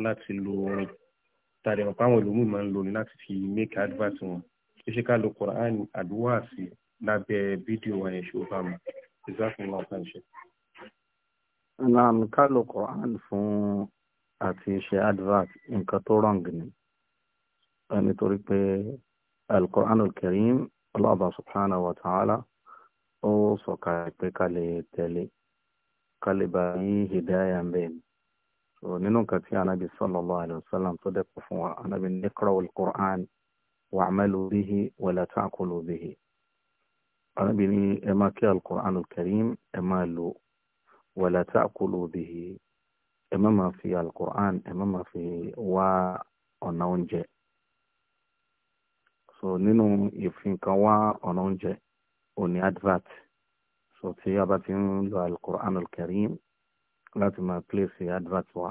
láti lo orin tàbí ọ̀pọ̀ àwọn ìlú máa ń lo orin láti fi make advert wọn ṣe ṣe ká lo Quran àdúrà sí lábẹ́ fídíò wa yẹn ṣe ó bá mu ìzákùnrin ọ̀pá ìṣe. Naam ká lo Quran fún àti ṣe advert nǹkan tó wrong ni nítorí pé al-Quran al-Karim Allah subhanahu wa ta'ala ó sọ̀ka pé ká lè tẹ̀lé ká lè bá yí hidaya bẹ́ẹ̀ so nínú nǹkan tí anabi sallallahu alayhi wa sallam tó dẹ́kun fún wa anabi iqra'u al-Qur'an wa'malu bihi wa la ta'kulu bihi anabi ní ẹ máa kí al-Qur'an al-Karim ẹ máa lò wa la ta'kulu bihi ẹ má máa fi al-Qur'an ẹ má máa fi wá ọ̀nà oúnjẹ so nínú ìfinkan wá ọ̀nà oúnjẹ òní advert so tí a bá ti ń lo al-Qur'an al-Karim láti máa pílẹ̀sì advert wa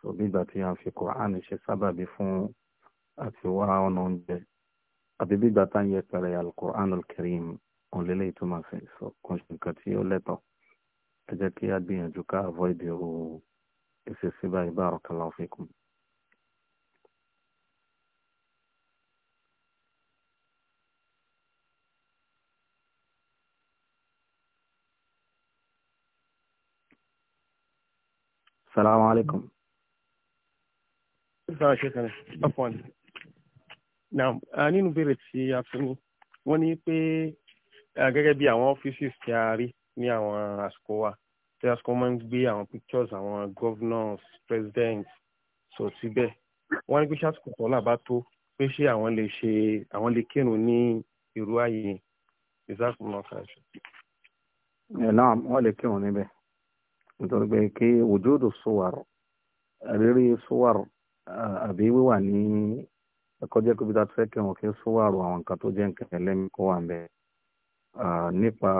so bígbà tí a fi Quran ṣe sábàbí fún àti wá ọ̀nà oúnjẹ àbí bígbà tá ń yẹ pẹ̀rẹ̀ al-Quran al-Karim òǹlẹ́lẹ́ ìtumọ̀ sí so kan ṣe nǹkan tí ó lẹ́tọ̀ ẹ jẹ́ kí a gbìyànjú ká avoid irú ìṣesí báyìí barakallahu fikum. السلام عليكم sáà ṣẹ́kẹ̀rẹ̀ afọ́n now a nínú béèrè tí a fún mi wọ́n ní pé gẹ́gẹ́ bí àwọn offices tí a rí ní àwọn àsìkò wa tí àsìkò máa ń gbé àwọn pictures àwọn governors presidents sọ síbẹ̀ wọ́n ní pé ṣàsìkò tọ́lá bá tó pé ṣé àwọn lè ṣe àwọn lè kírun ní irú ààyè ìzákùnrin nítorí pé kí wùjúdù sùwàrù rírí sùwàrù àbí wíwà ní kọjá kó bí ta fẹ́ kí wọn kí sùwàrù àwọn nǹkan tó jẹ́ nǹkan ẹlẹ́mí kó wà ń bẹ nípa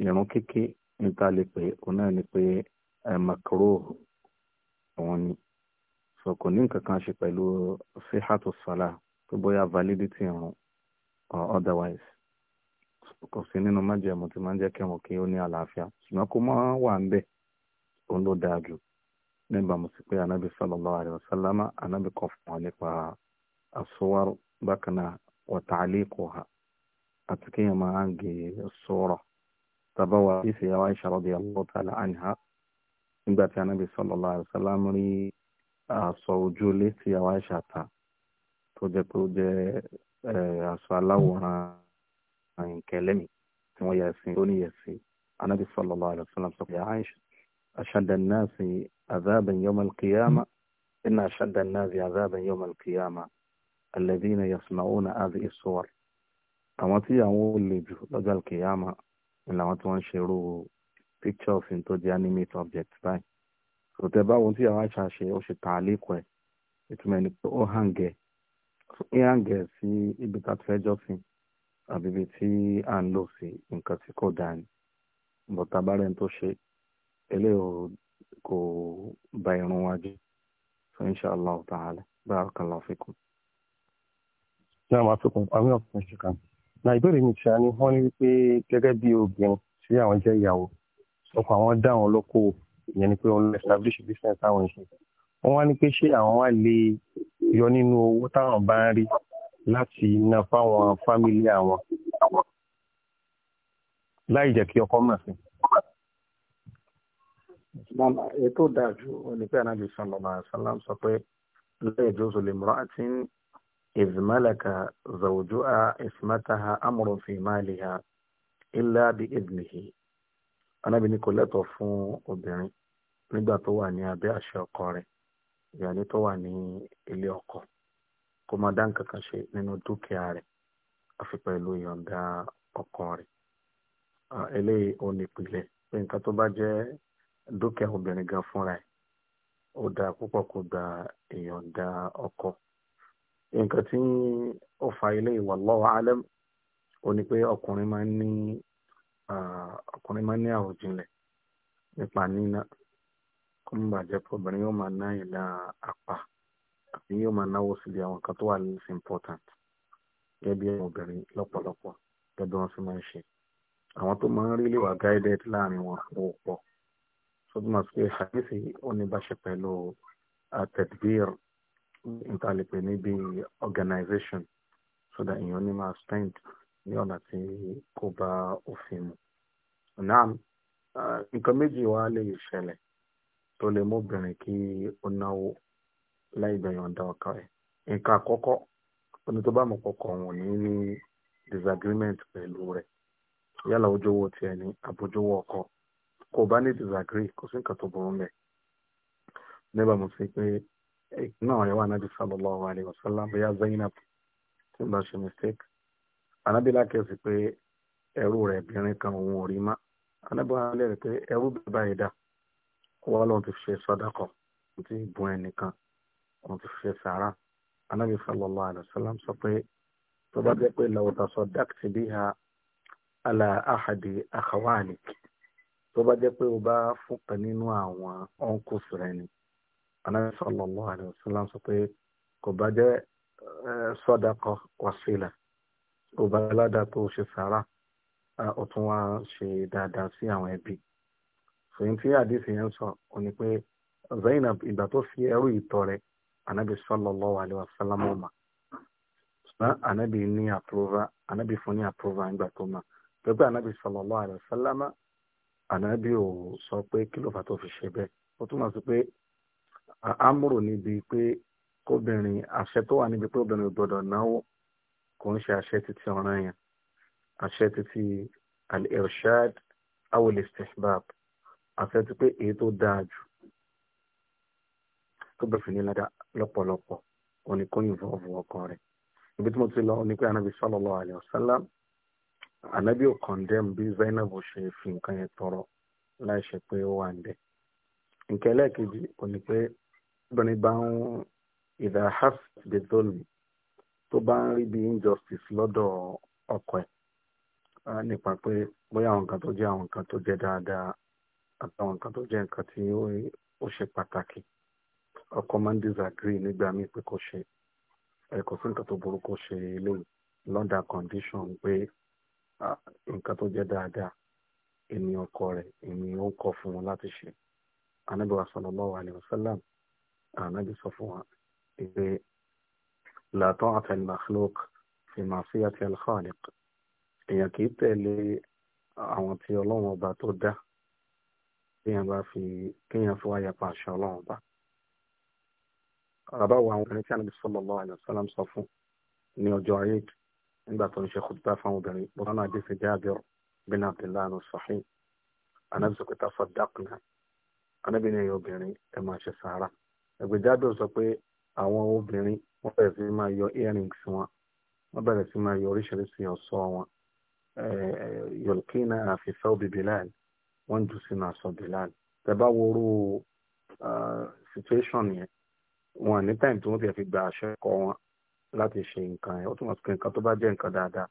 ìrún kíkí níta lè pé òun náà ni pé makaro àwọn ni so kò ní nǹkan kan ṣe pẹ̀lú sihatu tó bóyá validity ìrún or otherwise kò sí nínú májẹ̀mú tí máa ń jẹ́ kẹrùn kí ó ní àlàáfíà ṣùgbọ́n kó máa wà ń bẹ̀ òun ló dáa jù nígbà mo sì pé anábì sallallahu alaihi wasallam anábì kọ fún wa nípa as-suwar bákan náà wa ta'liquha àti kéèyàn máa ń gé sura tàbá wa ìṣe yàwá Aisha radiyallahu ta'ala anha nígbà tí anábì sallallahu alaihi wasallam rí aṣọ ojúlé tí yàwá Aisha ta tó jẹ́ pé ó jẹ́ eh, aṣọ aláwòrán nǹkan ẹlẹ́mì tí wọ́n yẹ ẹ̀sìn ó ní ẹ̀sìn anábì sallallahu alaihi wasallam sọ pé Aisha ashadda an-nasi adhaban yawm al-qiyamah inna ashadda an-nasi adhaban yawm al-qiyamah alladhina yasna'una àwọn tí àwọn ò lè jù lọ́jọ́ al ni làwọn tí wọ́n ń ṣerú pictures tó jẹ́ animate object báyìí sọtẹ báwọn tí àwọn àṣà ṣe ó ṣe tàn án lẹ́kọ̀ọ́ ẹ̀ ìtumọ̀ ẹni pé ó hàn gẹ̀ ó hàn gẹ̀ sí ibi tá a ti fẹ́ jọ́sìn àbíbi tí à ń lò sí nǹkan tí kò dáa ni bọ̀tà bá rẹ̀ tó ṣe eléyìí kò ba irun wa jẹ́ so inshallah ta'ala barakallahu fikum. náà wàá fikùn àwọn ọkùnrin ṣe kan na ìbéèrè mi ṣáà ni wọ́n ní wípé gẹ́gẹ́ bí obìnrin tí àwọn jẹ́ ìyàwó ọkọ àwọn dá àwọn ìyẹn ni pé wọ́n lọ establish business táwọn ń ṣe wọ́n wá ní pé ṣé àwọn wá lè yọ nínú owó táwọn bá ń rí láti ná fáwọn fámílì àwọn láì jẹ́ kí ọkọ mọ̀ sí. ètò dájú onípẹ́ anábì sallallahu alaihi wasallam sọ pé la yajuzu limra'atin idh malaka zawjuha ismataha amrun fi maliha illa bi idnihi anábì ní kò lẹ́tọ̀ fún obìnrin nígbà tó wà ní abẹ́ àṣẹ ọkọ rẹ̀ ìyàní tó wà ní ilé ọkọ. kó má dá nǹkan kan ṣe nínú dúkìá rẹ̀ àfi pẹ̀lú ìyọ̀ǹda ọkọ rẹ̀ eléyìí ò ní ìpìlẹ̀ pé nǹkan tó bá jẹ́ dúkìá obìnrin gan fúnra ẹ̀ ó dáa púpọ̀ kó gba ìyọ̀ǹda ọkọ nǹkan tí ó fa eléyìí wallahu alam ó ní pé ọkùnrin máa ń ní ọkùnrin máa ni ní àròjinlẹ̀ nípa níná kó má bàa jẹ́ pé obìnrin yóò máa ná ìlà apá. àti yóò máa náwó síbi àwọn nǹkan tó wà less important gẹ́gẹ́ bí àwọn obìnrin lọ́pọ̀lọpọ̀ gẹ́gẹ́ bí wọ́n ṣe máa ń ṣe àwọn tó máa ń rí lè guided láàrin wọn ò pọ̀ so tó máa sọ pé àdéhìí ó ní báṣe pẹ̀lú atẹ̀dbír ìtàlẹ́pẹ̀ níbi organization so that èèyàn ní máa spend ní ọ̀nà tí kò bá òfin mu. Náà uh, nǹkan méjì wá lè ṣẹlẹ̀ tó lè mú obìnrin kí ó náwó láì gbẹ̀yọ̀ǹda ọkọ rẹ̀ nǹkan àkọ́kọ́ ẹni tó bá mọ̀ pọ̀kọ̀ wọn ní ní disagreement pẹ̀lú rẹ̀ yálà ojúwọ́ tiẹ̀ ní àbójúwọ́ ọkọ kò bá ní disagree kò sí nǹkan tó burú mẹ́ nígbà mo fi pé náà rẹ̀ wà náà bí sallallahu alaihi wasallam bóyá Zainab tí ń bá ṣe mistake anábìlá kẹsì pé ẹrú rẹ̀ obìnrin kan òun ò rí má anábìlá lẹ́rìí pé ẹrú bàbá ẹ̀dá wọ́n lọ́n ti ṣe sọ́dákọ̀ ti bùn ẹnìkan wọn ti fi sàrà anábì sallallahu alaihi wasallam sọ pé tó bá jẹ́ pé law tasaddaqta biha ala ahadi akhwanik tó bá jẹ́ pé o bá fún kan nínú àwọn uncles rẹ ni anábì sallallahu alaihi wasallam sọ pé kò bá jẹ́ sadaqa wasila kò bá ládàá tó ṣe sàrà ó tún wá ṣe dáadáa sí àwọn ẹbí sèyí tí àdìsí yẹn sọ ò ní pé Zainab ìgbà tó fi ẹrú ìtọ rẹ̀ anabi sallallahu alaihi wasallam ọmọ ṣùgbọ́n anabi ní àpúrọ́và anabi fún ní àpúrọ́và nígbà tó mọ̀ pẹ̀pẹ́ anabi sallallahu alaihi wasallam anabi ò sọ pé kí ló fà tó fi ṣe bẹ́ẹ̀ ó túmọ̀ sí pé amúrò níbi pé kóbìnrin àṣẹ tó wà níbi pé obìnrin ò gbọdọ̀ náwó kò ń ṣe àṣẹ títí ọ̀ràn yẹn àṣẹ títí al-irshad aw al-istihbab àṣẹ ti pé èyí tó dáa jù tó bẹ̀ fi ní ládà lọ́pọ̀lọpọ̀ òní kò ní fọwọ́ fọwọ́ kan rẹ̀ ibi tí mo ti lọ ní pé anabi sallallahu alaihi wasallam anabi ò condemn bí Zainab ṣe fi nǹkan yẹn tọrọ láì ṣe pé ó wà ń bẹ nǹkan ẹlẹ́ẹ̀kejì òní pé bẹ́ẹ̀ bá ń ìdá half the zone tó bá ń rí bí injustice lọ́dọ̀ ọkọ ẹ̀ nípa pé bóyá àwọn nǹkan tó jẹ́ àwọn nǹkan tó jẹ́ dáadáa àtàwọn nǹkan tó jẹ́ nǹkan tí ó ṣe pàtàkì ọkọ máa ń disagree nígbà míì pé kò ṣe ẹ̀kọ́ sí nǹkan tó burúkú ṣe eléyìí lọ́dà condition pé nǹkan tó jẹ́ dáadáa èmi ọkọ rẹ̀ èmi ó ń kọ fún wọn láti ṣe anábì wa sallallahu alaihi wasallam anábì sọ fún wa pé la ta'ata lil makhluq fi ma'siyati al khaliq èèyàn kì í tẹ̀lé àwọn tí ọlọ́run ọba tó dá kéèyàn bá fi kéèyàn fi wáyà àṣà ọlọ́run ọba àbáwọ àwọn obìnrin tí ànábì sallallahu alaihi wasallam sọ fún ní ọjọ́ ayé nígbà tó ń ṣe kúta fáwọn obìnrin bọ́lá náà dé sí Jabir bin Abdullah nù sahih ànábì sọ pé tasaddaqna ànábì ní ẹ̀yọ obìnrin ẹ̀ máa ṣe sàárà ẹ̀gbẹ́ Jabir sọ pé àwọn obìnrin wọ́n bẹ̀rẹ̀ sí máa yọ earrings wọn wọ́n bẹ̀rẹ̀ sí máa yọ oríṣiríṣi ọ̀ṣọ́ wọn yọ̀lkínà àfihàn òbí situation yẹn wọn ní time tí wọ́n ti fi gba àṣẹ kọ wọn láti ṣe nǹkan ẹ̀ ó túmọ̀ sí pé nǹkan tó bá jẹ́ nǹkan dáadáa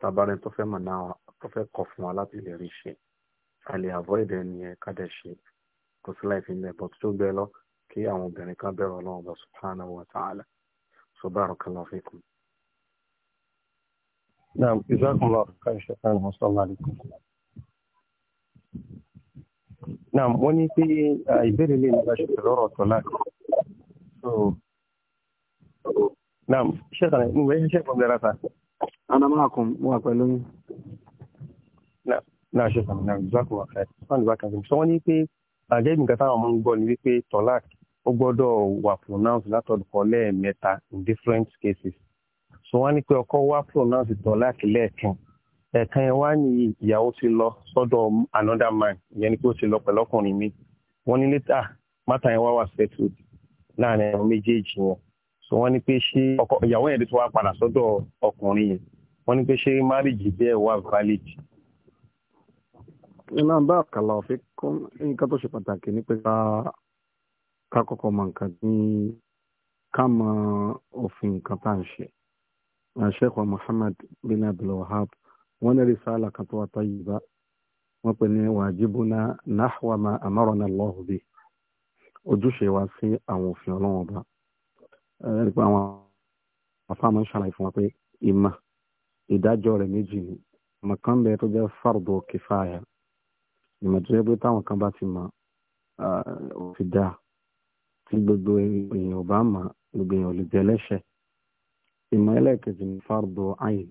tabarin tó fẹ́ mọ̀ náà tó fẹ́ kọ̀ fún wa láti lè rí ṣe a lè avoid ẹni ẹ̀ ká dẹ̀ ṣe kò sí láì fi mẹ́ bọ́ tó gbẹ lọ kí àwọn obìnrin kan bẹ̀rù ọlọ́run bá subhanahu wa ta'ala so barakallahu fikum. naam jazakumullahu khairan shukran wa sallallahu alaykum. naam wọ́n ní pé ah, ìbéèrè lè nígbà ṣe lọ́rọ̀ tọ́lá أوه. أوه. نعم شيخنا وين شيخكم دراسة؟ أنا معكم وأقبلوني نعم náà ṣe sàmì náà ìgbàkùn àkàtúntàn ìgbàkùn sọ wọn ní pé àjẹ́ ìgbìkan táwọn ọmọ ń gbọ́ ni wípé tọ́lák ó gbọ́dọ̀ wà pronounce látọ̀dùkọ́ lẹ́ẹ̀mẹ́ta in different cases sọ wọn ní pé ọkọ wá pronounce tọ́lák lẹ́ẹ̀kan ẹ̀ẹ̀kan e yẹn wá ní ìyàwó ti lọ sọ́dọ̀ another man ìyẹn ni pé ó ti lọ pẹ̀lọ́kùnrin mi wọ́n ní létà ah, mátà yẹn wá wà settled láàrin àwọn méjèèjì yẹn so wọ́n ní pé ṣé ọkọ ìyàwó yẹn tó wá padà sọ́dọ̀ ọkùnrin yẹn wọ́n ní pé ṣé márìjì bẹ́ẹ̀ wà valid. iná bá àkàlà òfin kọ́ nǹkan tó ṣe pàtàkì ní pé ká kọ́kọ́ mọ nǹkan ní ká mọ òfin nǹkan tá à ń ṣe. Sheikh Muhammad bin Abdul Wahab wọ́n ní risala kan tó wá tayyiba wọ́n pè ní wajibuna nahwa ma amarana Allahu bihi ojúṣe wa sí àwọn òfin ọlọ́run ọba ẹni pé àwọn afáàmọ́ ń ṣàlàyé fún wa pé ìmọ̀ ìdájọ́ rẹ̀ méjì ni ìmọ̀ kan bẹ tó jẹ́ fardo kifaya ìmọ̀ tó jẹ́ pé táwọn kan bá ti mọ̀ òfin dá tí gbogbo èèyàn ò bá mọ̀ gbogbo èèyàn lè jẹ́ lẹ́sẹ̀ ìmọ̀ ẹlẹ́ẹ̀kejì ni fardo ayin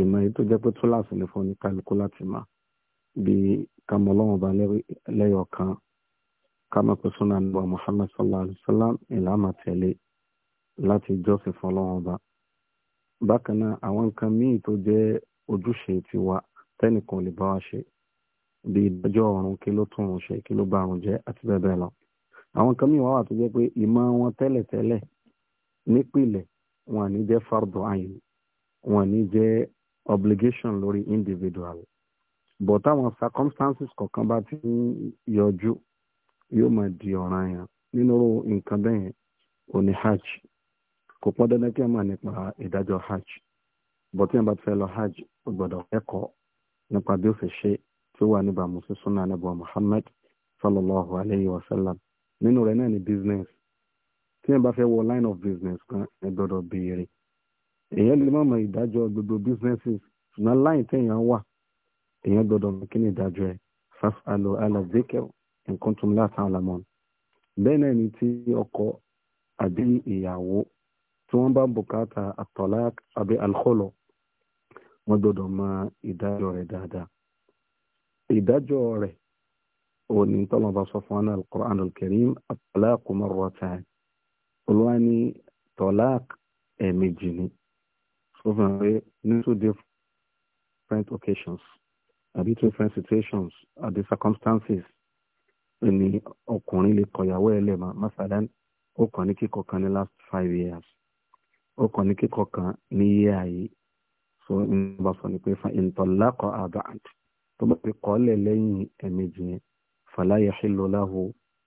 ìmọ̀ èyí tó jẹ́ pé túláàsì lè fọ́ ní kálukú láti mọ̀ bí kamọ́lọ́wọ́n ba lẹ́yọ̀ kan kama pé súnà nígbà Muhammad sallallahu alayhi wa sallam ìlànà tẹ̀lé láti jọ́sìn fọlọ́run ọba bákan náà àwọn nǹkan míì tó jẹ́ ojúṣe tiwa tẹ́nìkan lè bá wa ṣe bí ìdájọ́ ọ̀run kí ló tún òun ṣe kí ló bá òun jẹ́ àti bẹ́ẹ̀ bẹ́ẹ̀ lọ àwọn nǹkan míì wá wà tó jẹ́ pé ìmọ̀ wọn tẹ́lẹ̀tẹ́lẹ̀ nípìnlẹ̀ wọn ní jẹ́ fardo ayin wọn ní jẹ́ obligation lórí individual but àwọn circumstances kọ̀ọ̀kan bá ti yọjú yóò máa di ọ̀ràn yẹn nínú nǹkan bẹ́ẹ̀ yẹn kò ní hajj kò pọ́n dandan kí a máa nípa ìdájọ́ hajj bọ́tí yẹn bá ti fẹ́ lọ hajj ó gbọ́dọ̀ kẹ́kọ̀ọ́ nípa bí ó fi ṣe tí ó wà ní ìbámu sí sunna anabu muhammad sallallahu alayhi wa sallam nínú rẹ̀ náà ni business tí yẹn bá fẹ́ wọ line of business kan ẹ gbọ́dọ̀ béèrè èyàn lè má mọ ìdájọ́ gbogbo businesses ṣùgbọ́n line téèyàn wà èyàn gbọ́dọ̀ mọ kí ni ìdájọ́ ẹ̀ fásitì alo alazekeu nǹkan tó ń láta àlàmọ́ bẹ́ẹ̀ náà ni tí ọkọ àbí ìyàwó tí wọ́n bá ń bùkátà àtọ̀lá àbí alkhọ́lọ̀ wọ́n gbọ́dọ̀ mọ ìdájọ́ rẹ̀ dáadáa ìdájọ́ rẹ̀ ò ní tọ́lọ́ bá sọ fún al-Qur'an al-Karim at-talaqu marratan olúwa ní tọ́lák ẹ̀ẹ̀mejì ni ó fi ní two different occasions àbí two different situations àbí circumstances ni ọkùnrin lè kọ̀yàwó ẹ̀ lẹ́ẹ̀ma masalan ó kàn ní kíkọ kan ní last five years ó kàn ní kíkọ kan ní year yìí so n bá sọ ni pé fa ìntọ́lákọ̀ àbáàd tó bá fi kọ́lẹ̀ lẹ́yìn ẹ̀mejì yẹn fala yahillu lahu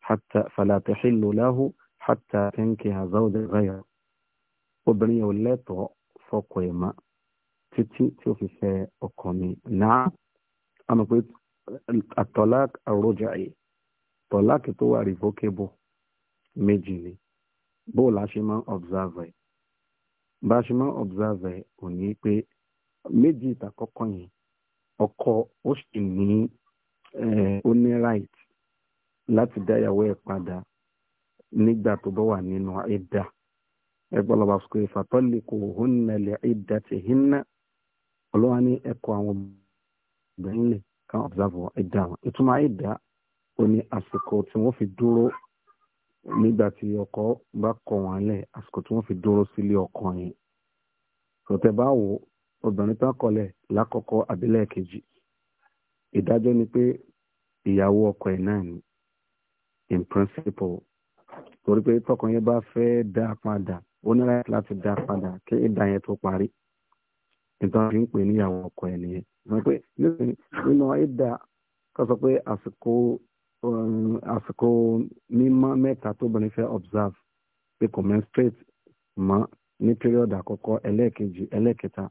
hatta fala tahillu lahu hatta tankiha zawja ghayra obìnrin yẹn ò lẹ́tọ̀ọ́ fọkọ ẹ̀ ma títí tí ó fi fẹ́ ọkọ mi náà a pé àtọ́lá àròjà yìí. tọ́láàkì tó wà revocable méjì ni bó la ṣe máa ń observe ẹ̀ ṣe máa ń observe ẹ̀ ò ní ọkọ ó sì ní eh, ó ní right láti dá ìyàwó ẹ̀ padà nígbà tó bá wà nínú ẹ̀dá ẹgbọ́lọ́ba sọ pé ẹ̀dá ti hinna ọlọ́wà ní ẹ̀kọ́ àwọn ó ní àsìkò tí wọ́n fi dúró nígbà tí ọkọ bá kọ̀ wọ́n lẹ̀ àsìkò tí wọ́n fi dúró sílé ọkọ yẹn tòtẹ́ bá wò obìnrin tán kọlẹ̀ lákọ̀ọ́kọ́ àbílẹ̀ kejì ìdájọ́ ni pé ìyàwó ọkọ ẹ̀ náà ni in principle torí pé tọkàn yẹn bá fẹ́ dá padà ó ní láti dá padà kí ìdá yẹn tó parí nǹkan fi ń pè níyàwó ọkọ ẹ̀ nìyẹn wọ́n pé nínú ìdá kan sọ pé àsìkò Um, àsìkò mímọ́ mẹ́ta tóbìnrin fẹ́ observe pé kò menstruate mọ́ ní period àkọ́kọ́ ẹlẹ́ẹ̀kejì ẹlẹ́ẹ̀kẹta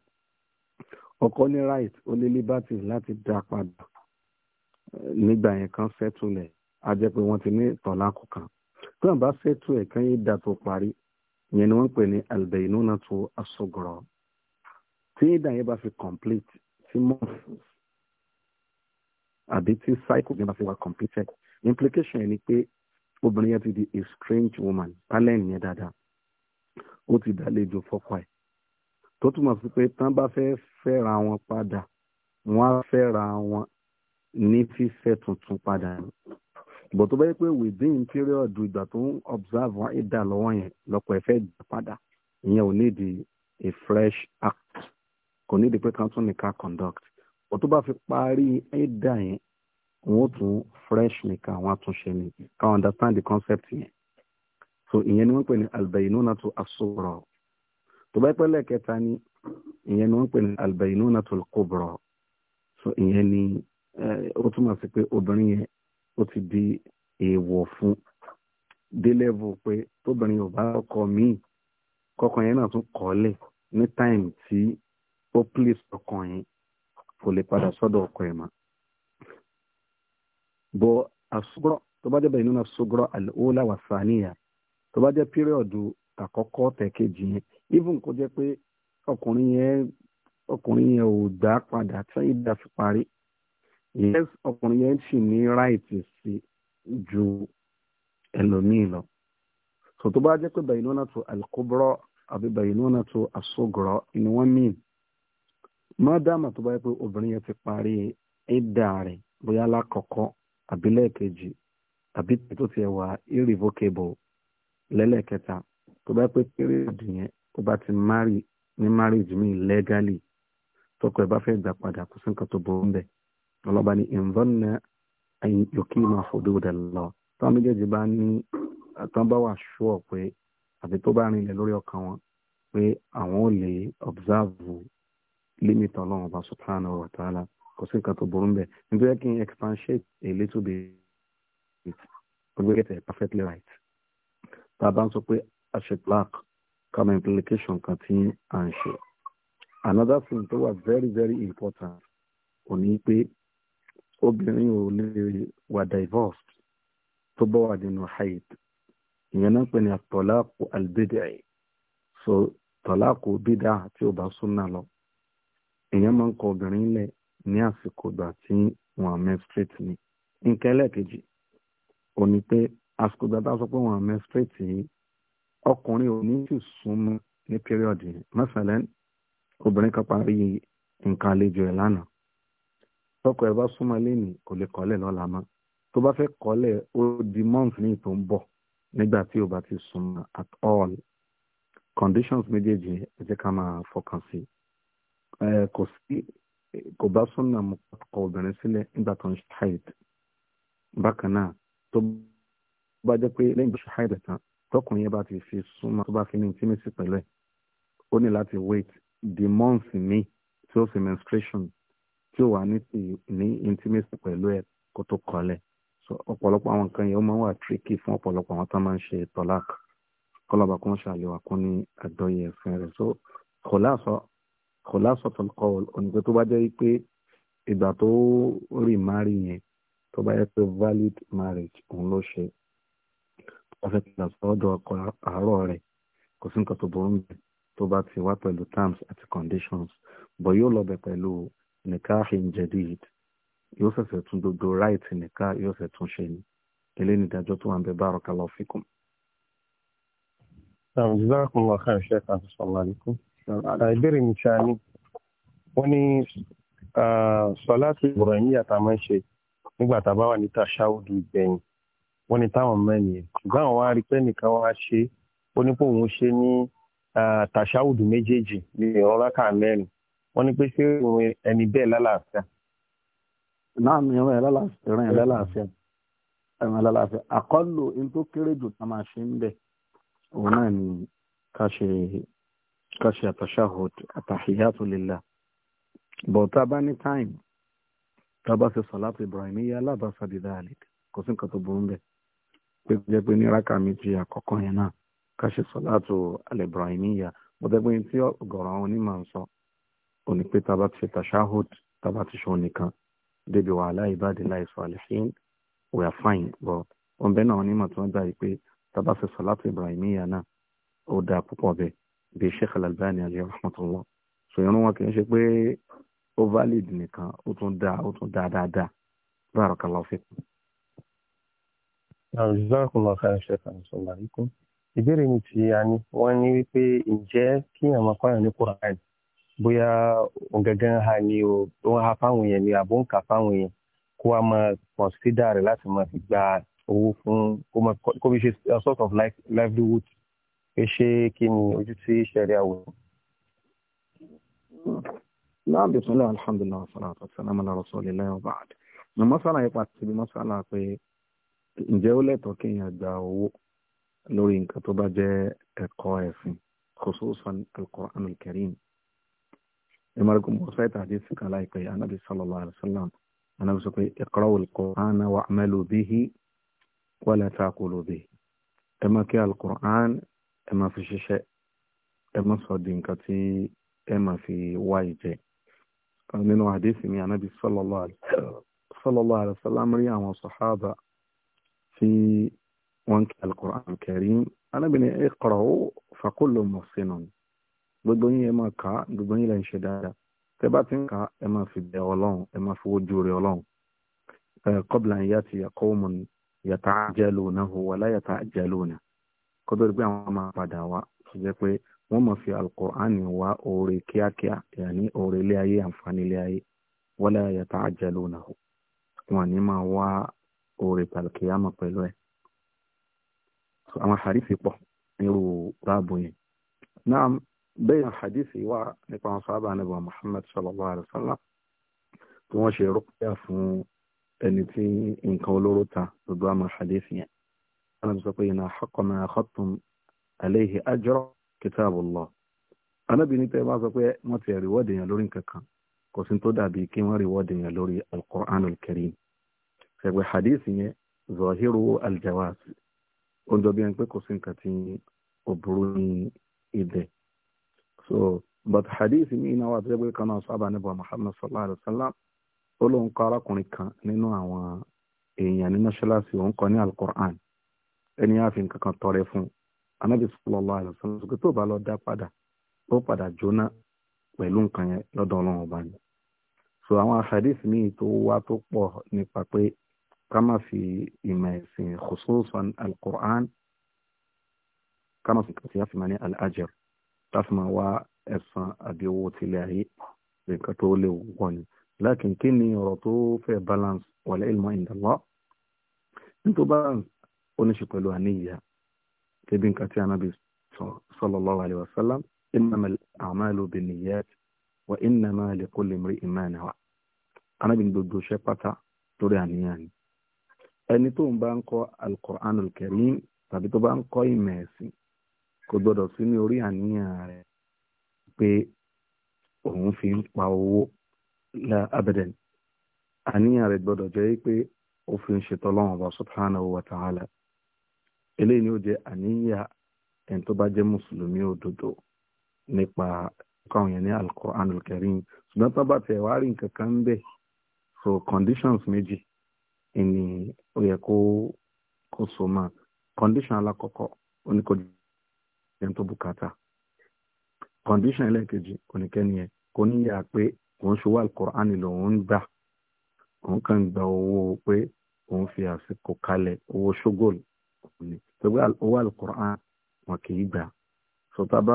ọkọ ní right ó ní liberty láti dá padà nígbà yẹn kan settle ẹ̀ a jẹ́ pé wọ́n ti ní tọ̀láàkù kan tí wọ́n bá settle ẹ̀ yìí dà tó parí ìyẹn ni wọ́n ń pè ní albaynunatu asugro tí ìdá yẹn bá fi complete tí month àbí tí cycle gan bá fi wà completed implication yẹn ni pé obìnrin yẹn ti di a strange woman talent yẹn dáadáa ó ti dálejò fọ́kọ ẹ̀ tó túmọ̀ sí pé tán bá fẹ́ fẹ́ra wọn padà wọ́n á fẹ́ra wọn ní fífẹ́ tuntun padà ni bó tó bá yẹ pé within period ìgbà tó ń observe wọn ìdá lọ́wọ́ yẹn lọ́pọ̀ ẹ̀fẹ́ gbà padà ìyẹn ò ní di a fresh act kò ní di pé kan tún ní ká conduct wọ́n tó bá fi parí ẹ̀dà yẹn wọ́n tún fresh nìkan àwọn àtúnṣe ni káwọn understand the concept yẹn so ìyẹn ni wọ́n pè ní albayinunatu asughrā tó bá pẹ́ lẹ́ẹ̀kẹta ni ìyẹn ni wọ́n pè ní albayinunatu alkubrā so ìyẹn ni eh, ó túmọ̀ sí pé obìnrin yẹn ó ti di èèwọ̀ fún délẹ́vù pé tóbìnrin ò bá ọkọ míì kọkàn yẹn náà tún kọ́ lẹ̀ ní táìmù tí ó pèlè ọkàn yẹn kò lè padà sọ́dọ̀ ọkọ ẹ̀ mọ́. bọ́ àsúgbọ́rọ̀ tó bá jẹ́ bẹ̀rẹ̀ nínú àsúgbọ́rọ̀ àlùhólà wà sàníyà tó bá jẹ́ pírọ̀dù àkọ́kọ́ tẹ̀kejì yẹn even kó jẹ́ pé ọkùnrin yẹn ọkùnrin yẹn ò gbà padà tí ìdá fi parí yes ọkùnrin yẹn sì ní right sí ju ẹlòmíì lọ so tó bá jẹ́ pé bẹ̀rẹ̀ nínú àtò àlùkóbọ́rọ̀ àbí bẹ̀rẹ̀ nínú àtò àsúgbọ́rọ̀ ni wọ́n mìíràn mọ́dàmà tó bá yẹ pé obìnrin yẹn ti parí ẹ̀dà rẹ̀ bóyá lákọ̀ọ́kọ́ àbí lẹ́ẹ̀kejì àbí tó ti wà irrevocable lẹ́lẹ́kẹta tó bá yẹ pé period yẹn ó bá ti marry ní marriage mi legally tọkọ ẹ̀ bá fẹ́ gbà padà kó sí nǹkan tó burú bẹ́ẹ̀ ọlọ́ba ní ìǹdọ́nà yòókì máa fòdó dẹ̀ lọ táwọn méjèèjì bá ní tán bá wà ṣúọ̀ pé àbí tó bá rinlẹ̀ lórí ọkàn wọn pé àwọn ò lè observe limit ọlọ́run bá subhanahu wa ta'ala kò sí nǹkan tó burú mbẹ̀ nítorí kí n expatiate a little bit gbogbo get it perfectly right tá a bá ń sọ pé ashetlak kama implication kan tí à ń ṣe another thing tó wà very very important ò ní pé obìnrin ò lè wà divorced tó bọ́ wà nínú haid ìyẹn náà pè ní àtọ́láàkù albidai so tọ́láàkù bídà tí ò bá súnà lọ èèyàn máa ń kọ obìnrin lẹ̀ ní àsìkò ìgbà tí wọ́n menstruate ni nǹkan ẹlẹ́ẹ̀kejì ò ní pé àsìkò ìgbà tá a sọ pé wọ́n menstruate yìí ọkùnrin ò ní sì súnmọ́ ní period yẹn mẹ́sàn-án obìnrin kan parí nǹkan àlejò ẹ̀ lánàá tọkọ ẹ̀ bá súnmọ́ lẹ́nìí kò lè kọ́lẹ̀ lọ́la mọ́ tó bá fẹ́ kọ́lẹ̀ ó di month ní tó ń bọ̀ nígbà tí o bá ti súnmọ́ at all conditions méjèèjì ẹ jẹ́ ká máa fọkàn sí i. Eh, kò sí kò bá súnà mu kọ obìnrin sílẹ̀ nígbà tó ń ṣe haid bákan náà tó bá jẹ́ pé lẹ́yìn tó ṣe tán tọkùnrin yẹn bá ti fi súnmọ́ tó bá fi ní intimacy pẹ̀lú ẹ̀ ó ní láti wait the month mi tí ó fi menstruation tí ó wà ní ní intimacy pẹ̀lú ẹ̀ kó tó kọlẹ̀ so ọ̀pọ̀lọpọ̀ àwọn nǹkan yẹn ó máa ń wà tricky fún ọ̀pọ̀lọpọ̀ àwọn tó máa ń ṣe tọ́lák kọ́lọ́ba kó ń ṣàlẹ̀ wà kún ní àgbọ́yé ẹ̀sìn rẹ̀ so kò láàsọ khulasatul qawl onígbẹ́ tó bá jẹ́ pé ìgbà tó rí márì yẹn tó bá yẹ pé valid marriage òun ló ṣe tó bá fẹ́ kí lọ́sọ́dọ̀ ọkọ àárọ̀ rẹ̀ kò sí nǹkan tó burú mi tó bá ti wá pẹ̀lú terms àti conditions bọ̀ yóò lọ bẹ̀ pẹ̀lú nikahin jadid yóò ṣẹ̀ṣẹ̀ tún gbogbo right nìka yóò ṣẹ̀ tún ṣe ni eléyìí ìdájọ́ tó wà ń bẹ barakallahu fikum. Jazakumullahu khairan Sheikh Abdulsalam alaikum ìbéèrè mi ṣáà ni wọ́n ní sọláàtì ìbùrọ̀yìn yàtà máa ń ṣe nígbà tá a bá wà níta ṣáwùdù ìgbẹ̀yìn wọ́n ní táwọn mẹ́rin yẹn ṣùgbọ́n àwọn wá rí pé nìkan wá ṣe ó ní pé òun ṣe ní tàṣáwùdù méjèèjì ní ìran rákà mẹ́rin wọ́n ní pé ṣé òun ẹni bẹ́ẹ̀ lálàáfíà. náà mi ràn ẹ́ lálàáfíà ràn ẹ́ lálàáfíà ràn ẹ́ lálàáfíà àkọlù ní tó kéré jù tá a máa ṣe ń bẹ̀ òun náà ni ká ṣe ká ṣe àtàṣàhùd àtàhìyàtò lillah but tá a bá ní time tá a bá ṣe sọ̀látò ibrahimiyya alábàáṣà dídá àlèdè kò sí nǹkan tó burú bẹ́ẹ̀ pé jẹ́ pé ní rákà méjì àkọ́kọ́ yẹn náà ká ṣe sọ̀látò al-ibrahimiyya but ẹgbẹ́ tí ọ̀gọ̀rọ̀ àwọn onímọ̀ ń sọ òní pé tá a bá ti ṣe tàṣàhùd tá a bá ti ṣe onìkan débi wàhálà ìbáde láìsọ àlẹ́fín we are fine but ọ̀nbẹ́ náà onímọ̀ tí wọ́n gbà yìí pé tá a bá ṣe sọ̀látò ibrahimiyya náà ó dáa púpọ̀ bẹ́ẹ̀ bíi Sheikh Al-Albani alayhi rahmatullah so irun wọn kì í ṣe pé ó valid nìkan ó tún dá ó tún dá dáadáa barakallahu fikum. jazakallahu khairan Sheikh sọlá ikú ìbéèrè mi tí a ní wọ́n ní wípé ǹjẹ́ kí àwọn akọ́yàn ní Quran bóyá òǹgẹ̀gẹ̀ ń ha ni o ó ń ha fáwọn èèyàn ni àbó ń kà fáwọn èèyàn kó a máa consider rẹ̀ láti máa fi gba owó fún kó fi ṣe a sort of livelihood كشي كيني وجدت فيه شارع أول نعم بسم الله الحمد لله والصلاة والسلام على رسول الله وبعد المسألة يقول تبي مسألة في جولة توكين داو لورين كتبا جاء القوائف خصوصا القرآن الكريم إمركم وصيت حديث كلايك يا نبي صلى الله عليه وسلم أنا بسكي اقرأوا القرآن واعملوا به ولا تعقلوا به كما كان القرآن ẹ máa fi ṣiṣẹ́ ẹ má sọ di nǹkan tí ẹ máa fi wá ìjẹ nínú hadisi mi anábì sallallahu alaihi wasallam rí àwọn sàhábà tí wọ́n kí al-Qur'an karim anábì ní iqra'u fa kullu muhsinun gbogbo yín ẹ máa kà á gbogbo yín lẹ́yìn ṣe dáadáa tẹ bá ti ń kà á ẹ máa fi bẹ ọlọ́run ẹ máa fi wojú rẹ ọlọ́run qabla an ya'tiya qawmun yata'ajjalunahu wa la yata'ajjaluna kó tó di pé àwọn máa padà wá tó jẹ́ pé wọ́n mọ̀ fi alukur'an wá oore kíákíá yàní oore ilé ayé àǹfààní ilé ayé wala yata'ajjalunahu wọn ní máa wá oore tàlùkìyàmọ̀ pẹ̀lú ẹ̀ àwọn hadithi pọ̀ nírú báàbù yẹn náà bẹ́ẹ̀ hadithi wà nípa àwọn sábà níbi wa Muhammad sallallahu alaihi wasallam tí wọ́n ṣe rúkúyà fún ẹni tí nǹkan olóró ta gbogbo àwọn hadithi yẹn أنا سقينا حق ما أخذتم عليه أجر كتاب الله أنا بنيتي ما سقي ما تري ودين لورين ككان كوسين تودا بي كي ما ريودين القرآن الكريم سقي حديثي ظاهره الجواز ondo bí ẹni pé kò sí nǹkan tí so but hadith mi iná wà tó yẹ pé kan náà sábà níbo muhammad sallallahu alayhi wa sallam ó lóun kọ arákùnrin kan nínú àwọn èèyàn ní mọ́ṣáláṣí òun kọ ní ẹni á fi nǹkan kan tọrẹ fún un anábì sallallahu alaihi wasallam sọ pé tó bá lọ dá padà ó padà jóná pẹ̀lú nǹkan yẹn lọ́dọ̀ ọlọ́run ọba ni so àwọn ahadith míì tó wá tó pọ̀ nípa pé ká má fi ìmọ̀ ẹ̀sìn khususan al-Qur'an ká má fi kàtí á máa ní al-ajr máa wá ẹ̀san àbí tilẹ̀ ayé nǹkan tó léwu pọ̀ ni lákìn kí ni ọ̀rọ̀ tó fẹ́ balance wal ilmu inda nítorí balance ó ní ṣe pẹ̀lú àníyà tẹ́bí nǹkan tí anábì sallallahu alaihi wasallam innamal a'malu binniyat wa innama likulli imri'in ma nawa anábì gbogbo iṣẹ́ pátá lórí àníyàn ni ẹni tó ń bá ń kọ́ al-Qur'anul tàbí tó bá ń kọ́ ìmọ̀ ẹ̀sìn kò gbọdọ̀ sí ní orí àníyàn rẹ̀ pé òun fi ń pa owó la abadan àníyàn rẹ̀ gbọdọ̀ jẹ́ pé ó fi ń ṣe tọ́lọ́run Ọba subhanahu eléyìí ni ó jẹ́ àníyà ẹni tó bá jẹ́ mùsùlùmí òdodo nípa káwọn yẹn ní Al-Qur'anul Karim tó bá tẹ̀ wá rí nǹkan kan bẹ́ẹ̀ so conditions méjì ni ó yẹ kó kó so mọ́ condition alákọ̀ọ́kọ́ oníkojú ẹni tó bùkátà condition ẹlẹ́ẹ̀kejì oníkẹ́ni yẹn kò níyà pé òun ṣe wà Al-Qur'an lòun ń gbà òun kàn gba owó pé òun fi àsìkò kalẹ̀ owó ṣógòlù ni tọ́gbẹ́ owó alukur'an wọn kì í gbà sọtaba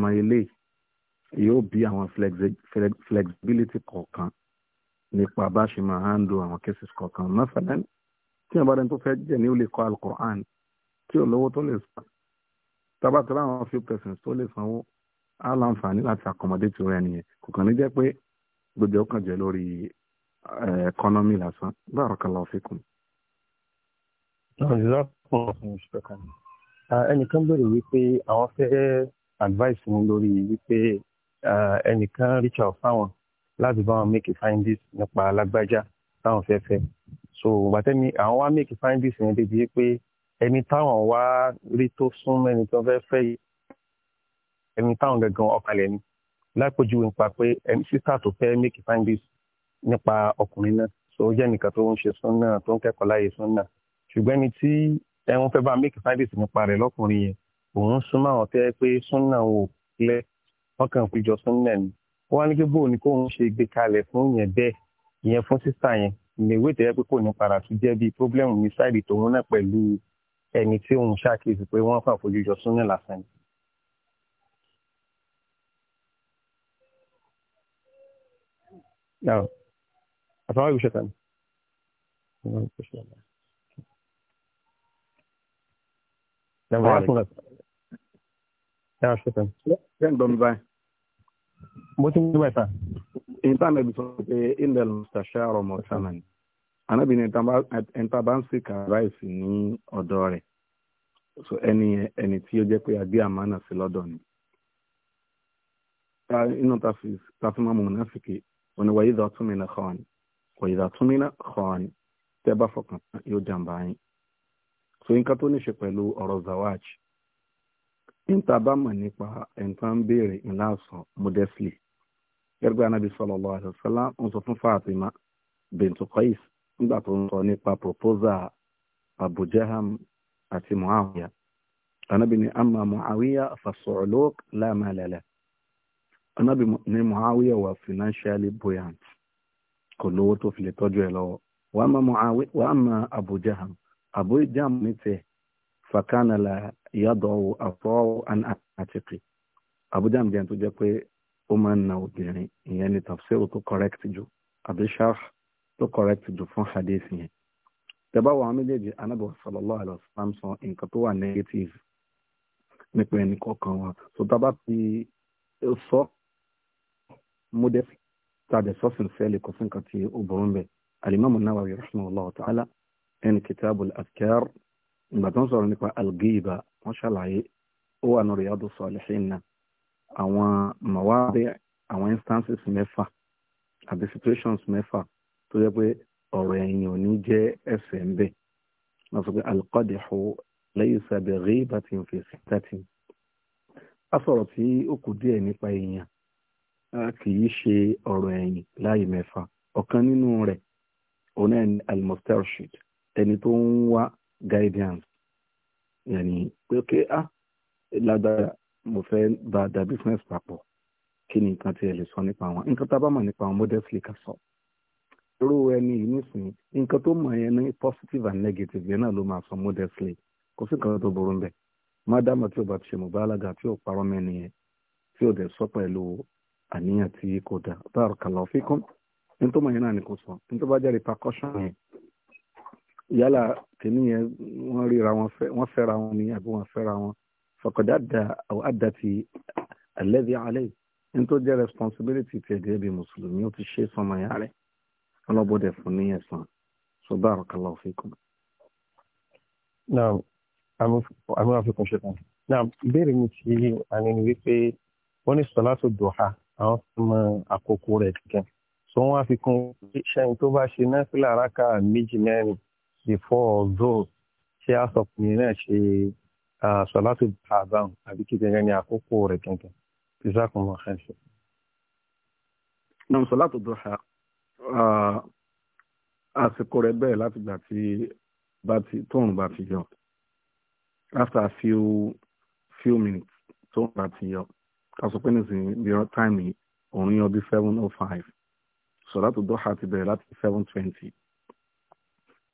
mọ ilé yóò bí àwọn flexibility kọ̀ọ̀kan nípa bá ṣe máa handle àwọn cases kọ̀ọ̀kan mẹ́fẹ̀lẹ́ tí wọn bá dẹni tó fẹ́ jẹ́ ní ó lè kọ́ alukur'an tí ò lówó tó lè san tabatala àwọn few persons tó lè sanwó á láǹfààní láti accommodate rẹ nìyẹn kò kàn ní jẹ́ pé gbogbo ọkàn jẹ́ lórí eh, economy lásán barakallahu fikum ẹnìkan béèrè wípé àwọn fẹ́ advice mi lórí wípé ẹnìkan reach out fáwọn láti bá make a this, nípa lágbájá táwọn fẹ́ fẹ́ so gbàtẹ́mi àwọn wá make a this yẹn débi pé ẹni táwọn wá rí tó sún mẹ́ni tó fẹ́ fẹ́ yìí ẹni táwọn gangan ọkàlẹ̀ ni lápèjúwe nípa pé ẹni sísá tó fẹ́ make a this nípa ọkùnrin náà so ó jẹ́ nìkan tó ń ṣe sún náà tó ń kẹ́kọ̀ọ́ láàyè sún náà ṣùgbọ́n ẹni tí ẹ wọn fẹ́ bá make service nípa rẹ̀ lọ́kùnrin yẹn òun súnmọ́ àwọn tẹ́ pé súnà wò lẹ́ wọ́n kàn fi jọ súnà ni wọ́n wá ní kí bóun ni kóun ṣe gbé kalẹ̀ fún yẹn bẹ́ẹ̀ ìyẹn fún sísà yẹn ìlè ìwé tẹ́ pé kò ní para tún jẹ́ bíi problem ní sáìdì tòun náà pẹ̀lú ẹni tí òun ṣàkíyèsí pé wọ́n fà fojú jọ súnà lásán ni. No. I thought it was just mo ti ń gbé ẹ̀sà. ìtàn ẹ̀bí sọ pé ilẹ̀ mustachar ọmọ ṣàmàn anábì ní ẹ̀ńtà bá ń sì kà ráìsì ní ọ̀dọ́ rẹ̀ so ẹni ẹni tí ó jẹ́ pé a gbé sí lọ́dọ̀ ni. inú tafimọ́ mọ̀nàfíkì wọn ni wàyí dàtúmínà kọ́ọ̀ni wàyí dàtúmínà kọ́ọ̀ni tẹ́ bá fọkàn yóò jàǹbá yín. so nǹkan tó ní pẹ̀lú ọ̀rọ̀ zawaj níta bá mọ̀ nípa ẹ̀ǹtà béèrè ńlá sàn gẹ́gbẹ́ anábì sallallahu alaihi wasallam ń sọ fún Fatima bintu nígbà tó ń sọ nípa proposal Abu àti Muawiya anábì ní amma anábì Muawiya wà financially buoyant kò lówó tó fi lè tọ́jú lọ́wọ́ àbó ìjáàmù ní tiẹ̀ fàkànà là ìyàdọ̀ àfọ́ àtìkì àbújáàmù jẹ́ tó jẹ́ pé ó máa ń na obìnrin ìyẹn ni tafsir tó correct jù àbí sharh tó correct jù fún hadith yẹn tẹ́bá wọn méjèèjì anábọ̀ sallallahu alaihi wasallam sọ nǹkan tó wà negative nípa ẹnì kọ̀ọ̀kan wa so tá a bá fi sọ múdẹ́ tàbí sọ́sìn fẹ́lẹ̀ kò sí nǹkan tí ó burú ń bẹ̀ Al-Imam An-Nawawi ẹni kitabul adhkar ìgbà tó ń sọ̀rọ̀ nípa algiba wọ́n ṣàlàyé ó wà ní riyadu salihin náà àwọn mawari àwọn instances mẹ́fà àbí situations mẹ́fà tó yẹ pé ọ̀rọ̀ ẹ̀yìn ò ní jẹ́ ẹsẹ̀ ń bẹ̀ wọ́n sọ pé alqadihu laysa bi ghibatin fi sittatin a sọ̀rọ̀ tí ó kù díẹ̀ nípa èèyàn kì í ṣe ọ̀rọ̀ ẹ̀yìn láì mẹ́fà ọ̀kan nínú rẹ̀ onan almustarshid ẹni tó ń wá guidance yẹnni pé ok ah lágbára mo fẹ́ bá da business papọ̀ kí ni nǹkan tí ẹ lè sọ nípa wọn nǹkan tá a bá mọ̀ nípa wọn modestly ká sọ irú ẹni yìí nísìnyí nǹkan tó mọ̀ yẹn ní positive and negative yẹn náà ló máa sọ modestly kò sí nǹkan tó burú bẹ́ẹ̀ mádàmà tí o bá ti ṣe mùbálágà tí o parọ́ mẹ́ni yẹn tí o dẹ̀ sọ pẹ̀lú àníyàn tí kò dá barakallahu fikum ní tó mọ̀ yẹn náà ni kò sọ ní tó bá jẹ́ repercussion yẹn yálà kìíní yẹn wọ́n ríra wọn fẹ́ wọ́n fẹ́ra wọn ni àbí wọ́n fẹ́ra wọn fọkàdá da àwọn àdàtì alẹ́bí alẹ́ ní tó jẹ́ responsibility ti ẹ̀gẹ́ bíi mùsùlùmí ó ti ṣe sọmọ ya rẹ̀ ọlọ́bọ̀dẹ̀ fún ní ẹ̀sán so barakallahu fikum. naam àmì àfikún ṣe kan naam ìbéèrè mi ti àní ni wípé wọ́n ní sọ́látò dùhà àwọn ọmọ àkókò rẹ̀ kẹ̀kẹ́ so wọ́n á fi tó bá ṣe náà sílẹ̀ àràkà méjì mẹ́rin before zoro ṣé a sọ pé náà ṣe sọlátù àbáhùn àbí kí gẹ́gẹ́ ní àkókò rẹ̀ kankan ìsákùn mọ̀ ẹ̀ ṣe. náà sọlátù dùhà àsìkò rẹ̀ bẹ́ẹ̀ láti gbà tí bá ti tóun bá ti yọ after a few few minutes tóun bá ti yọ ká sọ pé nísìnyí bí ọ táìmì òun yọ bí seven oh five sọlátù dùhà ti bẹ̀rẹ̀ láti seven twenty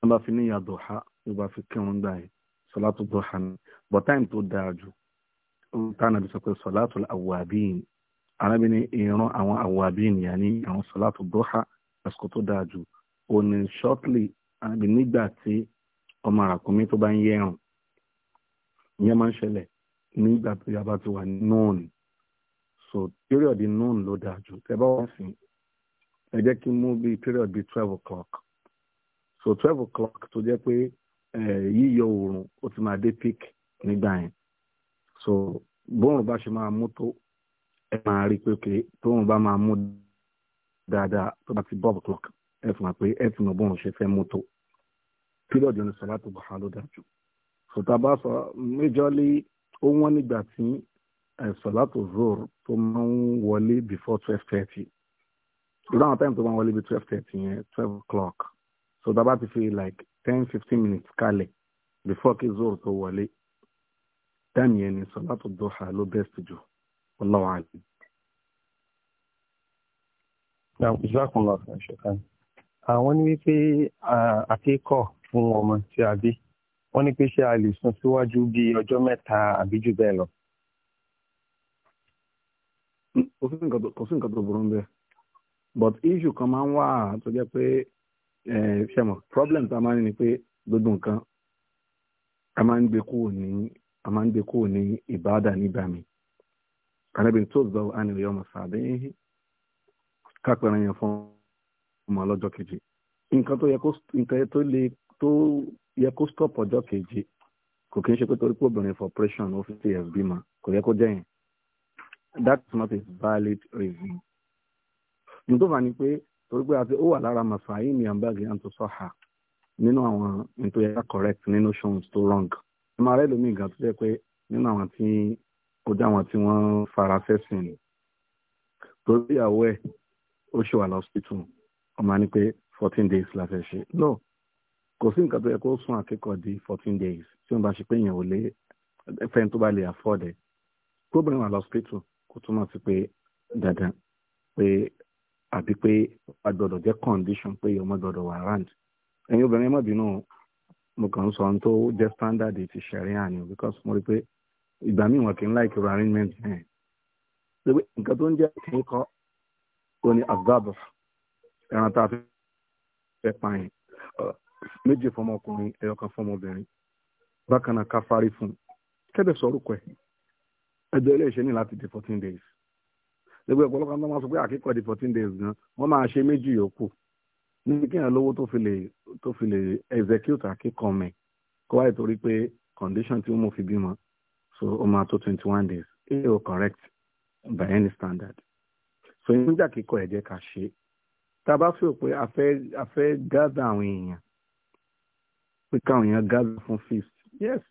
wọ́n bá fi ní ìyá dọ̀ha wọ́n bá fi kírun gbà yẹn sọlátù dọ̀ha ni bọ̀ táìmù tó dáa jù ń tánà bí sọ pé sọlátù àwàbíìn arábìnrin ìran àwọn àwàbíìn yà ní àwọn sọlátù dọ̀ha àsìkò tó dáa jù òní shortly àbí nígbà tí ọmọ àràkùnmí tó bá ń yẹ̀rùn ìyẹn máa ń ṣẹlẹ̀ nígbà tó yaba ti wà nùn so period noon ló dáa jù tẹ́ bá wọ́n sìn ẹ jẹ́ kí mú bíi period bíi twelve o'clock so twelve o'clock tó jẹ́ pé eh, yíyọ oòrùn ó ti máa dé peak nígbà yẹn so bóòrùn bá ṣe máa mú tó ẹ máa rí pé pé tóòrùn bá máa mú dáadáa tó bá ti bob o'clock ẹ fi hàn pé ẹ ti mọ bóòrùn ṣe fẹ́ mú tó pírọ̀dù ní sọlá tó bọ̀hán ló dájú so tá a bá sọ méjọ́lé ó wọ́n nígbà tí eh, sọlá tó zòr tó máa ń wọlé before twelve thirty ìdáhùn time tó máa ń wọlé bí twelve thirty yẹn twelve o'clock so tá a bá ti fi like ten fifteen minutes kalẹ̀ before kí zoro tó wọlé dáàmì yẹn ni sọlátù dọ́hà ló best jù wallahu alim. ìsákùnlọ ṣẹ̀kan àwọn ní wípé àkíkọ̀ fún ọmọ tí a bí wọ́n ní pé ṣé a lè sún síwájú bí ọjọ́ mẹ́ta àbí jù bẹ́ẹ̀ lọ. kò sí nǹkan tó burú ń bẹ́ẹ̀ but issue kan máa ń wà tó jẹ́ pé Eh, ṣẹmọ problem tá a máa ń ní pé gbogbo nǹkan a máa ń gbé kúrò ní a máa ń gbé kúrò ní ìbáàdà nígbà mi arábìn tó zọ ànìyàn ọmọ sàbẹ kápẹ́rẹ́ yẹn fún ọmọ ọlọ́jọ́ kejì nǹkan tó yẹ kó nǹkan tó lè tó yẹ kó stop ọjọ́ kejì kò kí n ṣe pé torí pé for operation ó fi ṣe ẹ̀ bímọ kò yẹ kó jẹ́ yẹn that's not a valid reason. nítorí wà ní pé torí pé àti ó wà lára màfàáyì ní àǹbáàgì àǹtò sọ́hà nínú àwọn ètò ẹ̀ka correct nínú shows tó wrong ẹ máa rẹ́ lómi ìgbà tó jẹ́ pé nínú àwọn tí kọjá àwọn tí wọ́n fara sẹ́sìn ni torí ìyàwó ẹ̀ ó ṣe wà lọ́sítù ọmọ ní pé fourteen days la fẹ́ ṣe no kò sí nǹkan tó yẹ kó sún akẹ́kọ̀ọ́ di fourteen days tí wọ́n bá ṣe pé èèyàn ò lé fẹ́ni tó bá lè afford ẹ̀ tó bẹ̀rẹ̀ wà lọ́sítù kò túmọ̀ sí pé dandan pé àbí pé a gbọ́dọ̀ jẹ́ condition pé ọmọ gbọ́dọ̀ wà rand ẹ̀yin obìnrin má bínú mo kàn ń sọ ohun tó jẹ́ standard ti ṣẹ̀ríà ni because mo rí pé ìgbà míì wọn kì í like your arrangement yẹn ṣe pé nǹkan tó ń jẹ́ kí n kọ́ ó ní agbábọ̀ ẹran tá a fẹ́ pa yẹn méje fọmọkùnrin ẹyọkan fọmọbìnrin bákan náà fún kẹ́dẹ̀ sọ di fourteen days. gbogbo ọ̀pọ̀lọpọ̀ àwọn máa sọ pé àkíkọ̀ di fourteen days gan wọ́n máa ṣe méjì yòókù ní kéèyàn lówó tó fi lè tó fi lè execute àkíkọ̀ mẹ́ kó wáyé torí pé condition tí wọ́n mú fi bímọ so ó máa tó twenty one days it will correct by any standard so nígbà kíkọ ẹ̀ jẹ́ ká ṣe tá a bá fẹ́ pé a fẹ́ a fẹ́ gather àwọn èèyàn pé káwọn èèyàn gather fún feast yes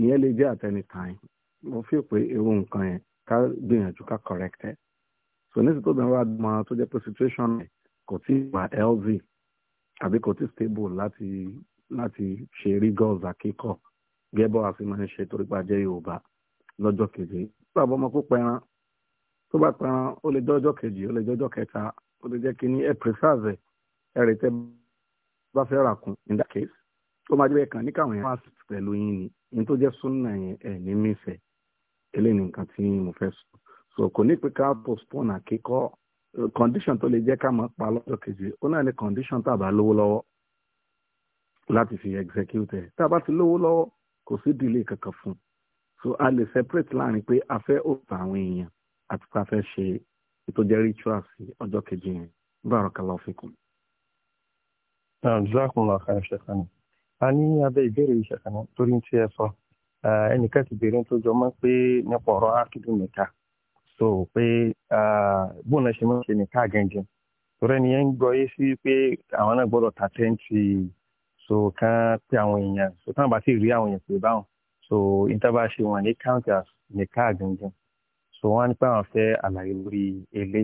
ìyẹn lè jẹ́ at any time mo fẹ́ pé irú nǹkan yẹn ká gbìyànjú ká correct ẹ̀ so ní ìsìtò obìnrin wa mọ tó jẹ́ pé situation rẹ̀ kò tí ì wà healthy àbí kò tí ì stable láti láti ṣe rigors àkíkọ̀ gẹ́bọ̀ àti máa ń ṣe torí pa jẹ́ Yorùbá lọ́jọ́ keje tó àbọ̀ ọmọ kó pẹran tó bá pẹran ó lè jọ́jọ́ kejì ó lè jọ́jọ́ kẹta ó lè jẹ́ kínní ẹ̀ preserve ẹ̀ rẹ̀ tẹ́ bá fẹ́ rà kún in that case ó máa jẹ́ kàn ní káwọn yẹn wá pẹ̀lú yín ni ní tó jẹ́ súnà yẹn ẹ̀ ní mísẹ̀ẹ́ eléyìí ni nǹkan tí mo fẹ́ sọ so kò ní pé ká postpone àkíkọ́ condition tó lè jẹ́ ká máa pa lọ́jọ́ kejì ó náà ní condition tá a bá lówó lọ́wọ́ láti fi execute ẹ̀ tá a bá ti lówó lọ́wọ́ kò sí delay kankan fún un so a lè separate láàrin pé a fẹ́ òòtà àwọn èèyàn àti pé a fẹ́ ṣe ètò jẹ́ ritual sí ọjọ́ kejì yẹn barakallahu fikum. jazakumullahu khairan ṣẹ̀kan ní a ní abẹ́ ìbéèrè ìṣẹ̀kan torí ti ẹ sọ ẹnìkan ti bèrè tó jọ mọ́ pé nípa ọ̀rọ̀ ákídùn nìka so pé bóun náà ṣe mọ́ ṣe nìka gẹ́gẹ́ torí ẹni yẹn ń gbọ́ yé sí pé àwọn náà gbọ́dọ̀ ta tẹ́ǹtì so kán pé àwọn èèyàn so táwọn bá sì rí àwọn èèyàn pé báwọn so ìtàbá ṣe wọn ní count as nìka gẹ́gẹ́ so wọ́n á ní pé àwọn fẹ́ àlàyé lórí èlé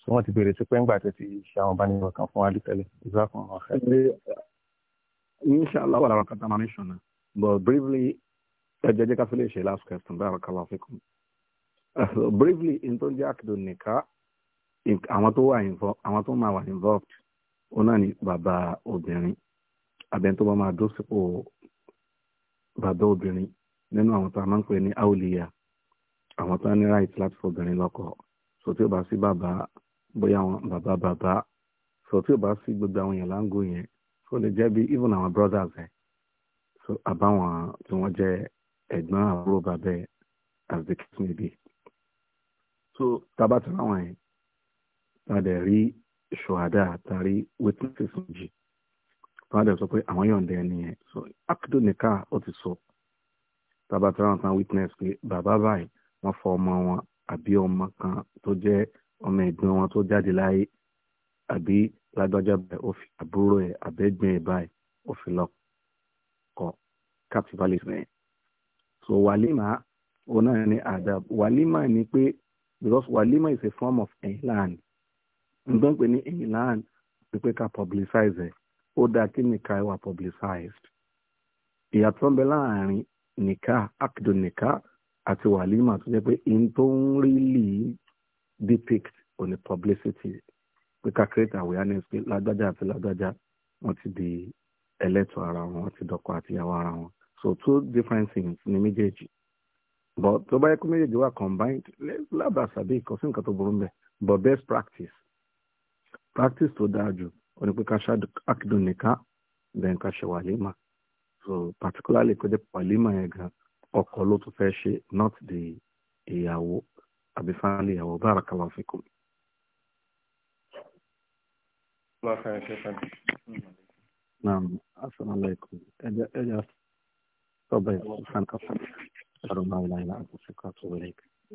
so wọ́n ti bèrè sí pé ńgbà tó ti ṣe àwọn ìbánirọ̀ kan fún wa ìgbà kan wọn fẹ́. inshallah wàlàwà kàtàmánì ṣọ̀nà but briefly ẹjẹ jẹ ká fi lè ṣe last question barakallahu fikum briefly in tó ń jẹ akidun nìka àwọn tó wà involved àwọn tó máa wà involved ó náà ní bàbá obìnrin abẹ tó bá máa dó sípò bàbá obìnrin nínú àwọn tó a máa ń pè ní auliya àwọn tó á ní right láti fobìnrin lọ́kọ even àwọn brothers ẹ̀ so àbáwọn tí ẹ̀gbọ́n àbúrò bàbá ẹ̀ as the case may be so tabata láwọn yẹn tàdé rí ṣòhádà àtàrí witnesses méjì tàdé sọ pé àwọn yọ̀ǹda ẹni yẹn so akido nìka ó ti sọ tabata láwọn kan witness pé bàbá báyìí wọ́n fọ ọmọ wọn àbí ọmọ kan tó jẹ́ ọmọ ẹ̀gbọ́n wọn tó jáde láyé àbí lágbájá báyìí ó fi àbúrò ẹ̀ àbẹ́gbẹ́ ẹ̀ báyìí ó fi lọ kọ captivalism yẹn so Walima, òun náà ni adab Walima, ni pé because Walima is a form of ihlan nǹkan pè ní ihlan pípẹ́ ká publicize ẹ̀ ó dáa kí nìka ẹ̀ wà publicized ìyàtọ̀ ń bẹ láàrin nìka akdo nìka àti wàlímà tó jẹ́ pé in tó ń rí depict on the publicity pé ká create awareness pé lágbájá àti lágbájá wọ́n ti di ẹlẹ́tọ̀ ara wọn wọ́n ti dọ́kọ àtìyàwó ara wọn so two different things ni méjèèjì but tó bá yẹ kó méjèèjì wà combined lábàá sàbí ìkọsí nǹkan tó burú mbẹ but best practice practice tó dáa jù ó ní pé ká ṣáàdù akídùn nìkan then ká ṣe wàlímà so particularly kó jẹ́ wàlímà yẹn gan ọkọ ló tún fẹ́ ṣe not the ìyàwó àbí fáńlì ìyàwó barakallahu fikum. Naam, assalamu alaikum. طبعا سبحانك اللهم لا اله الا انت استغفرك واتوب اليك